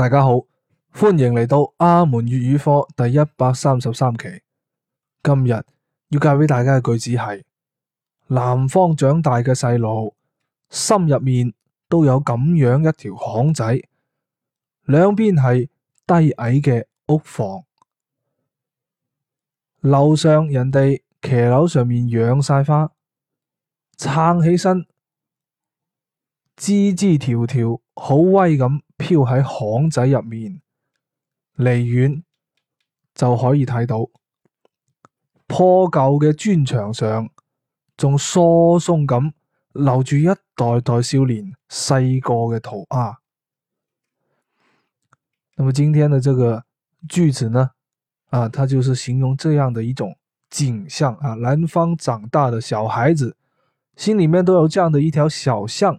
大家好，歡迎嚟到阿門粵語課第一百三十三期。今日要教俾大家嘅句子係：南方長大嘅細路，心入面都有咁樣一條巷仔，兩邊係低矮嘅屋房，樓上人哋騎樓上面養晒花，撐起身。枝枝條條好威咁飄喺巷仔入面，離遠就可以睇到破舊嘅磚牆上，仲疏鬆咁留住一代代少年細個嘅塗鴉。啊，那麼今天的這個句子呢，啊，它就是形容這樣的一種景象啊，南方長大的小孩子心裏面都有這樣的一條小巷。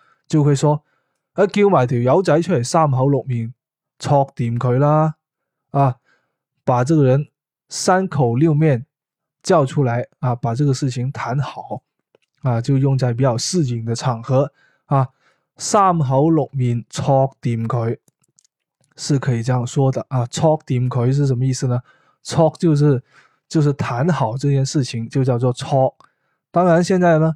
就會說，啊，叫埋條友仔出嚟，三口六面，撮掂佢啦，啊，把這個人三口六面叫出來，啊，把這個事情談好，啊，就用在比較市井的場合，啊，三口六面撮掂佢，是可以這樣說的，啊，撮掂佢是什麼意思呢？撮就是就是談好這件事情，就叫做撮。當然，現在呢。